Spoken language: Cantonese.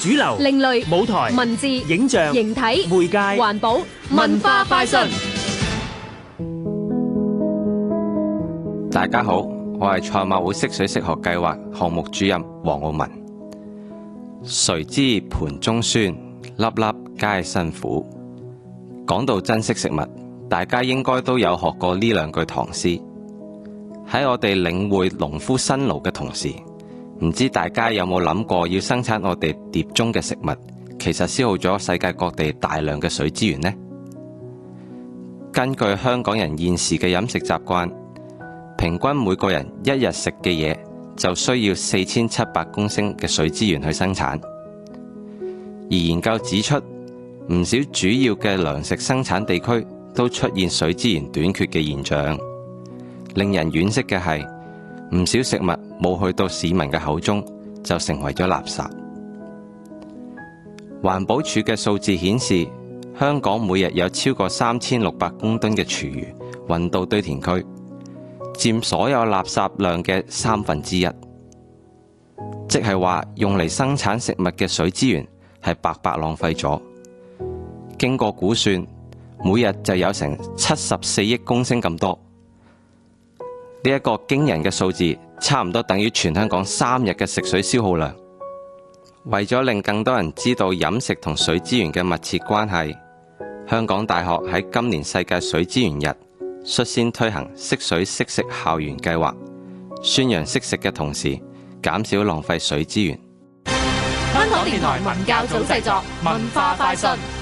主流、另類舞台、文字、影像、形體、媒介、環保、文化快訊。大家好，我係賽馬會識水識學計劃項目主任黃傲文。誰知盤中飧，粒粒皆辛苦。講到珍惜食物，大家應該都有學過呢兩句唐詩。喺我哋領會農夫辛勞嘅同時。唔知大家有冇諗過，要生產我哋碟中嘅食物，其實消耗咗世界各地大量嘅水資源呢？根據香港人現時嘅飲食習慣，平均每個人一日食嘅嘢就需要四千七百公升嘅水資源去生產。而研究指出，唔少主要嘅糧食生產地區都出現水資源短缺嘅現象，令人惋惜嘅係，唔少食物冇去到市民嘅口中，就成為咗垃圾。環保署嘅數字顯示，香港每日有超過三千六百公噸嘅廚餘運到堆填區，佔所有垃圾量嘅三分之一。即係話用嚟生產食物嘅水資源係白白浪費咗。經過估算，每日就有成七十四億公升咁多。呢一個驚人嘅數字，差唔多等於全香港三日嘅食水消耗量。為咗令更多人知道飲食同水資源嘅密切關係，香港大學喺今年世界水資源日率先推行惜水惜食校園計劃，宣揚惜食嘅同時，減少浪費水資源。香港電台文教組製作，文化快訊。